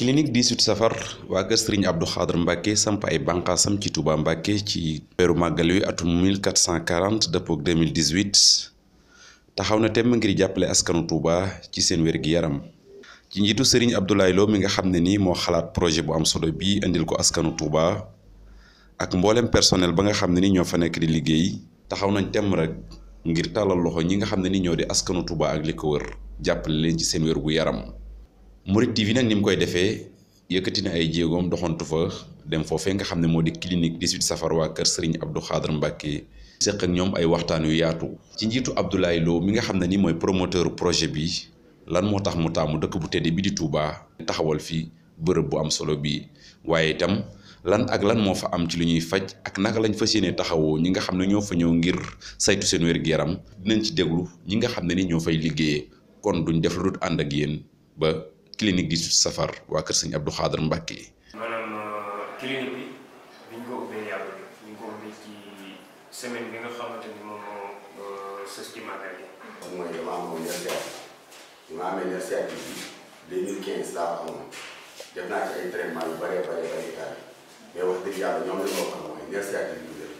clinique 18 safar waa kër Serigne Abdou Khadre Mbacke samp ay bànqaasam ci Touba Mbacke ci weeru màggal wi atum 1440 dëppoo ak 2018 taxaw na temm ngir jàppale askanu Touba ci seen wér-gi-yaram ci njiitu Serigne Abdoulaye Lo mi nga xam ne nii moo xalaat projet bu am solo bii indil ko askanu Touba ak mboolem personnel ba nga xam ne ni ñoo fa nekk di liggéey taxaw nañ temm rek ngir tàllal loxo ñi nga xam ne ni ñoo di askanu Touba ak li ko wër jàppale leen ci seen wér-gu-yaram Mouride TV nag ni mu koy defee yëkkati na ay jéegoom doxantu fa dem foofee nga xam ne moo di baki 18 safar waa kër Serigne Abdou Khadre Mbacké ak ay waxtaan yu yaatu. ci Lo mi nga ni mooy promoteur projet bi lan moo tax mu taamu dëkk bu tedd bi di Touba taxawal fi bërëb bu am solo bi waaye lan ak lan moo fa am ci lu ñuy faj ak naka lañ fas yéene taxawoo ñi nga xam ne ñoo fa ñëw ngir saytu seen wér gu dinañ ci déglu ñi nga ni ñoo fay liggéeyee kon duñ def lu ak ba. clinique di safar waa kër sëñ Abdou Xaadar Mbàkke maanaam euh, clinique bi biñ ko ubbee yàlla bi ñu ko ubbee ci semaine bi nga xamante ni moom moo euh, sës ci màggal yi moom mooy dama amoon ñaar seet bi ma amee ñaar naa ci ay traitement yu bëree bëri bëri daal mais wax yàlla ñoom li ma wax mooy ñaar seet bi ñu jël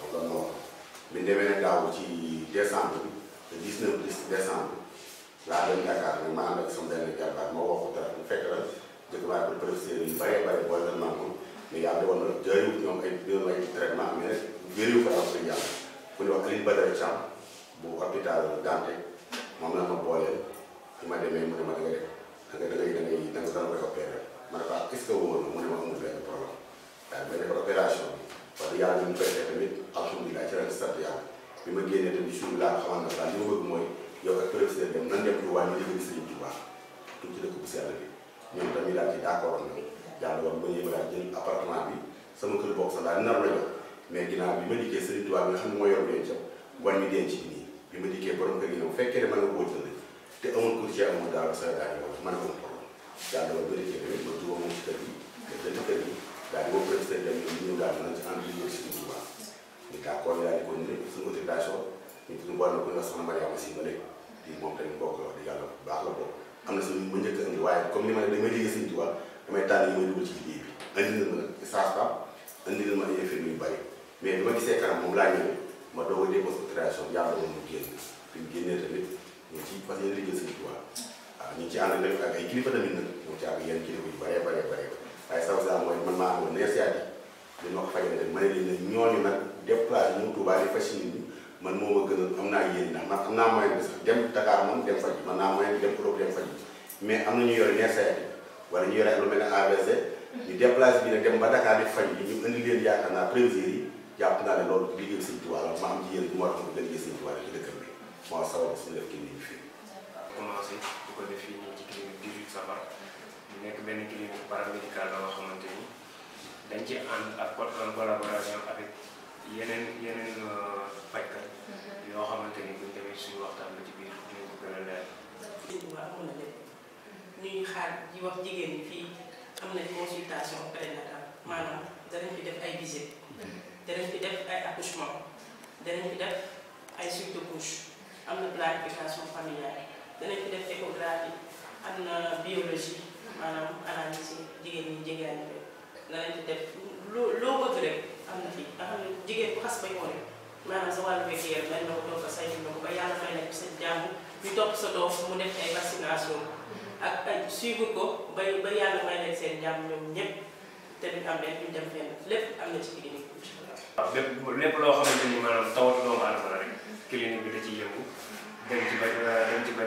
donc loolu moo wax bi demee na laa doon Dakar bi ma ànd ak sama benn jarbaat moo wax ko fekk la dëkk baa ko professeur yu bare bare booy la nangu mais yàlla defoon na jëriwut ñoom ay ñoom ay traitement mais jëriwu ko am suñu yàlla ku ñu wax Alioune Badara Thiam bu hôpital Dantec moom la ma booleel ma demee mu ne ma dangay def da ngay da ngay da nga koy opéré ma ne ko ah est-ce que wóor mu ne ma amul benn problème waaye ma defal opération bi wax dëgg yàlla ñu ngi koy def tamit alhamdulilah ci ren sant yàlla bi ma génnee tamit jour bi yow ak président dem nan dem Touba ñu liggéey Serigne Touba tuñ ci dëkk bu sell bi ñun dañuy daal di d'accord na yàlla woon ba yéen laa jël appartement bi sama kër bokk sax daal nar la jox mais ginnaaw bi ma dikkee Serigne Touba bi nga xam ne moo yor denc wan ñu denc bi nii bi ma dikkee borom kër gi ñëw fekkee ne mën nga koo jënd te amul ko ci amul daal sa daal yow mën nga ko problème yàlla woon ba dikkee tamit ma tuba moom ci kër gi te jënd kër gi daal di woo président dem ñu ñëw daal nañ ci en ligne Serigne Touba ñu d'accord yaa di ko ne suñu autorisation ñu tudd wàllu ko nga soxna Mariama si ma léegi di moom tamit mbokk la wax di yàlla bu baax la bokk am na suñu ma njëkk a indi waaye comme ni ma ne damay liggéey suñu tubaab damay tànn yi may dugg ci liggéey bi indi na ma nag sage femme indi na ma ay infirmiers yu bëri mais bi ma gisee kanam moom laa ñëwee ma doog a def hospitalisation yàlla moom mu génn bi mu génnee tamit ñu ngi ci fas yéene liggéey suñu tubaab waaw ah, ñu ngi ci ànd nag ak ay kilifa tamit nag ñu ci ak yenn kilifa yu bëree bëree bëri waaye saw sa mooy man maa amoon neesiat yi li ma ko fajee nag ma ne leen nag ñooñu nag déplacé ñu Tuubaa di fas nit ñi man moo ma gënal am naa yéen ndax man am naa moyen bi sax dem Dakar moom dem faj man naa moyen bi dem Europe dem faj mais am na ñu yore ñeent saytu wala ñu yore lu mel ne AVC ñu déplacé bi nag dem ba Dakar di faj bi ñu indi leen yaakaar naa prévisions yi jàpp naa ne loolu liggéey Sëñ Tuubaa la ma am ci yéen bi moo tax ma gën liggéey Sëñ Tuubaa ci dëkkam bi moo sabab suñu def kii nii fii. commencé bu ko def fii ñëw ci clinique 18 safar ñu nekk benn clinique paramédical la nga xamante ni dañ ci ànd ak en collaboration avec. yeneen yeneen euh, fajkat yoo xamante ni buñ demee suñu waxtaan la ci biir dinañ ko gën a leer. waaw mun na dem ñuy xaar di wax jigéen ñi fii am nañ consultation prénatale maanaam danañ fi def ay visite danañ fi def ay accouchement danañ fi def ay suite de am na planification familiale danañ fi def échographie am na biologie maanaam analyse jigéen ñi jigéen ñi danañ fi def loo loo bëgg rek. am na fi nga xam ne jigéen bu xas ba ñëw rek maanaam sa wàllu wér yaram dañ na ko toog say na ko ba yàlla may na sa jàmm ñu topp sa doom mu def ay vaccination ak ay suivre ko ba ba yàlla may leen seen jàmm ñoom ñëpp te duñ am benn duñ dem fenn lépp am na ci clinique bi. waaw lépp lépp loo xamante ni maanaam tawat doomu aadama la rek clinique bi da ciy yëngu dem ci ba dem ci ba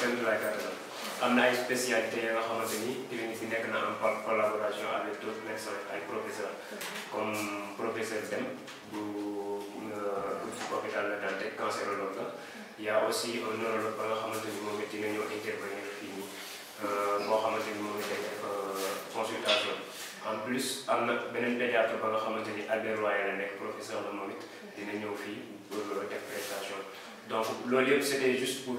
dem ci laaj am na ay spécialité yoo euh, xamante ni clinique bi nekk na en collaboration avec d'autres personnes ay professeurs comme professeur Dem bu euh, hôpital La Dantec cancérologue la y a aussi un neurologue ba nga xamante ni moom it dina ñëw intervenir fii nii euh, boo xamante ni moom it day def consultation en plus am na beneen pédiatre ba nga xamante ni Albert Royer la nekk professeur la moom it dina ñëw fii pour def prestation donc loolu yëpp c'était juste pour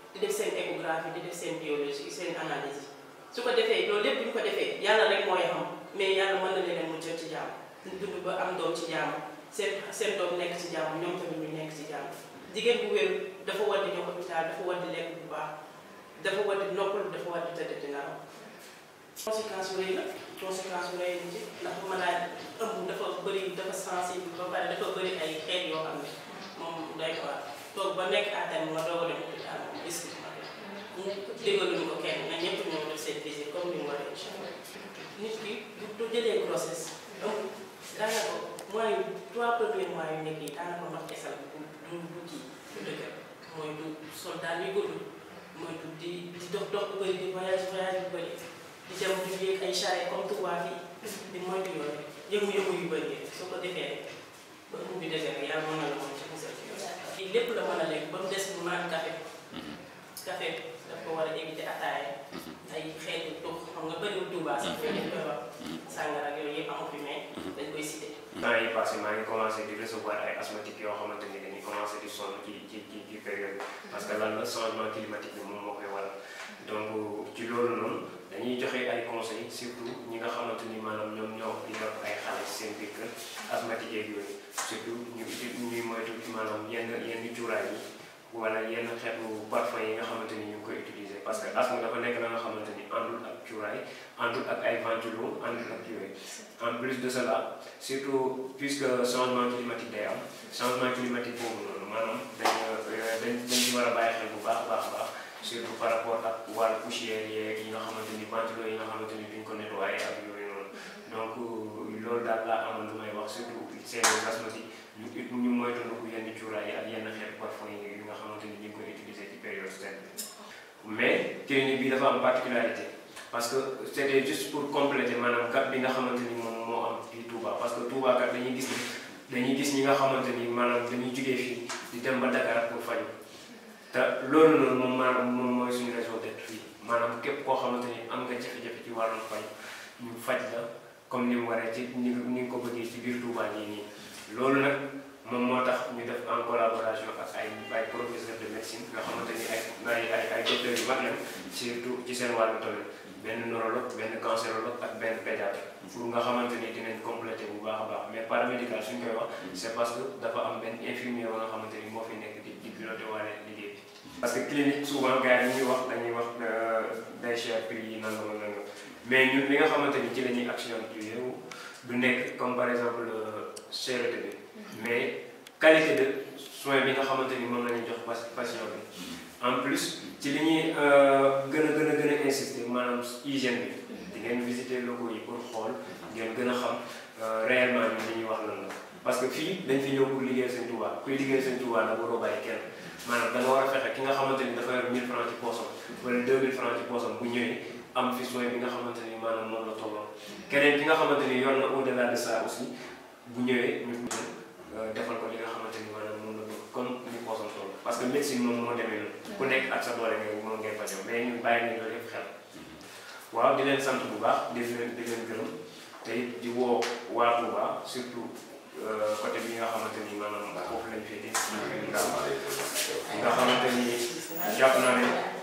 di def seen échographie di def seen biologie seen analyse su ko defee loolu lépp bu ñu ko defee yàlla rek mooy xam mais yàlla mën na leen mucc ci jàmm ñu dund ba am doom ci jàmm seen seen doom nekk ci jàmm ñoom tamit ñu nekk ci jàmm jigéen bu wér dafa war di ñëw hôpital dafa war di lekk bu baax dafa war di noppalu dafa war di tëdd dina am. conséquence yu rëy la conséquence yu rëy ci ndax malade ëmb dafa bëri dafa sensible ba pare dafa bëri ay xeet yoo xam ne moom day ko toog ba nekk à terme nga doog a dem hôpital plaisir dégaluñu ko kenn nga ñëpp ñoo def seen plaisir comme ni mu waree incha allah nit ki bu jëlee grossesse donc daanaka mooy trois premiers mois yu nekk yi daanaka mat esal bu du du kii du dëgër mooy du soldat yu gudd mooy du di di dox dox bu bëri di voyage voyage bu bëri di dem di yéeg ay charrette comme tubaab yi di moytu yooyu yëngu-yëngu yu bëri soo ko defee ba mu bi defee yàlla mën na la moom ci musal lépp la mën a lekk ba mu des bu naan café café daf ko war a éviter ataaya ay xeetu tux xam nga bëriwul tuuba sax yooyu dañ koy wax sàngara ak yooyu yëpp amu fi mais dañ koy cité di recevoir ay asthmatique yoo xamante ni dañuy commencé di sonn ci ci ci ci période parce que lan la changement climatique bi moom moo koy waral donc ci loolu noonu dañuy joxe ay conseil surtout ñi nga xamante ni maanaam ñoom ñoo di def wala yenn xeetu parfum yi nga xamante ni ñu ngi koy utiliser parce que asthme dafa nekk na nga xamante ni àndul ak cuuraay àndul ak ay ventilo àndul ak yooyu en plus de cela surtout puisque changement climatique day am changement climatique boobu noonu maanaam dañ euh, dañ dañ ci war a bàyyi xel bu baax baax baax yi nga xamante ni ventilo yi ak yooyu donc loolu daal laa amoon lu may wax surtout seen asthmatique ñu it ñu moytandiku yenn cuuraay yi nga xamante ni ñu ngi koy utiliser ci période sedd mais clinique bi dafa am particularité parce que c'était juste pour compléter maanaam kat bi nga xamante ni moom moo am fii Touba parce que Touba kat dañuy gis dañuy gis ñi nga xamante ni maanaam dañuy jógee fii di dem ba Dakar pour faju te loolu noonu moom maanaam moom mooy suñu raison d'être fii maanaam képp koo xamante ni am nga jafe-jafe ci wàllum faj comme ni mu waree ci ni ni nga ko bëggee ci biir Touba nii nii loolu nag moom moo tax ñu def en collaboration ak ay ay de médecine nga xamante ni ay ay ay docteurs yu mag lañ surtout ci seen wàllu tool benn neurologue benn cancérologue ak benn pédiatre nga xamante ni dinañ complété bu baax a mais paramédical suñ parce que dafa am benn xamante ni moo fi nekk di di piloté liggéey bi que clinique souvent gars yi ñuy wax mais ñun li nga xamanteni ni ci la ñuy accidenté du nekk comme par exemple euh, séerété bi mm-hmm. mais qualité de soin bi nga xamanteni ni lañuy jox patient bi mm-hmm. en plus ci li ñuy euh, gëna gëna gëna insister manam hygiène bi mm-hmm. di ngeen visiter logo yi pour xool ngeen gëna xam euh, réellement ñun li ñuy wax lan la parce que fii dañ fi ñëw pour liggéey seen touba kuy liggéey seen touba da waroo bàyyi kenn maanaam da nga war a fexe ki nga xamante ni dafa yor 1000 francs ci poosam wala 2000 francs ci poosam bu ñëwee am fi bi nga xamante ni maanaam noonu la tolloon keneen ki nga xamante ni yor na au delà de ça aussi bu ñëwee ñu euh, defal ko li nga xamante ni maanaam la bëgg comme ñu poosam toll parce que médecine moom moo demee noonu ku nekk ak sa mais ñu bàyyi sant bu baax di leen te di woo waa surtout euh, côté bi nga xamante ni maanaam foofu lañ féetee jàpp naa ne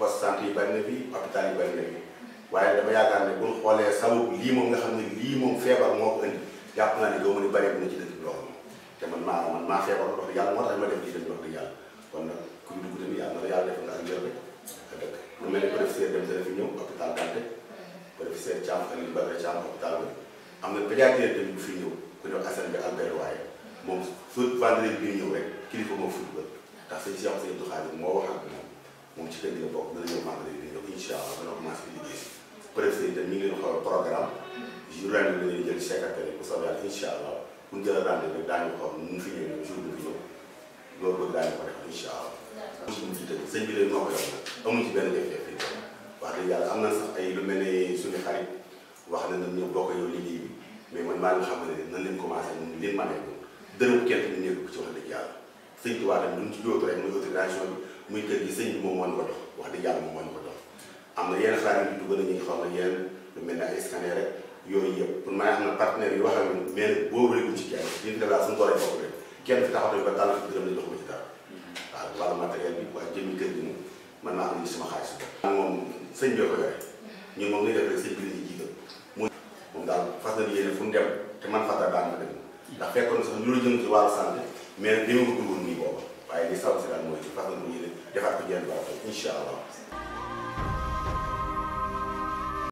poste santé yi bari na fi hôpital yi bari dama yaakaar ne bu ñu xoolee sababu lii moom nga xam ne lii moom feebar moo ko indi jàpp naa ne doo mën a bëree bu na ci dëkk bi loolu te man maa man maa feebar wax dëgg yàlla moo tax ma dem ci dem wax dëgg yàlla kon nag kuy dugg tamit yàlla na yàlla nga ak njër rek ak dëkk lu mel ne professeur dem dana fi ñëw hôpital Dante professeur Thiam Aliou Badara Thiam hôpital bi am na pédiatre bu fi ñëw ku ñëw Assane bi Albert waaye moom su moom ci kër bokk dana ñëw vendredi bi ñëw incha allah dana commencé liggéey préfet itam programme jour ren bi bu soobee yàlla incha allah bu ñu jëlee rendez nu fi ñëwee jour bi ñëw loolu bëgg daañu ko def incha allah. amuñu ci dëgg sëñ bi leen moo ko yor nag amuñu ci benn jafe-jafe yi wax dëgg yàlla am na sax ay lu mel ne suñu xarit wax na nañ bokk yow liggéey bi mais man maa ngi xam ne nan leen commencé ñun leen ma nekkoon dërëm kenn ñu nekk ci muy kër gi sëñ bi moom moo ñu ko dox wax dëgg yàlla moom moo ñu ko dox am na yenn xaaral yu dugg nañu xam ne yenn lu mel ne ay scanner rek yooyu yëpp pour maa ngi xam ne partenaire yi wax ak ñun mais nag boobu rek ci jaay li ñu def daal suñu borom bopp rek kenn fi taxaw nañu ba tànn fi dërëm la jox ma ci dara waaw wàllu matériel bi waaye jëmmi kër gi moom man maa am ñu sama xaalis moom sëñ bi ko yore ñun moom ngay def rek sëñ bi lañuy jiital mu moom daal fas nañu fu dem te man fàttal daan ma dem ndax fekkoon sax ñu la jëm ci wàllu santé mais dañu ko waaye li sawase daal mooy ci façon bu ñu defaat ko jënd baaxul incha allah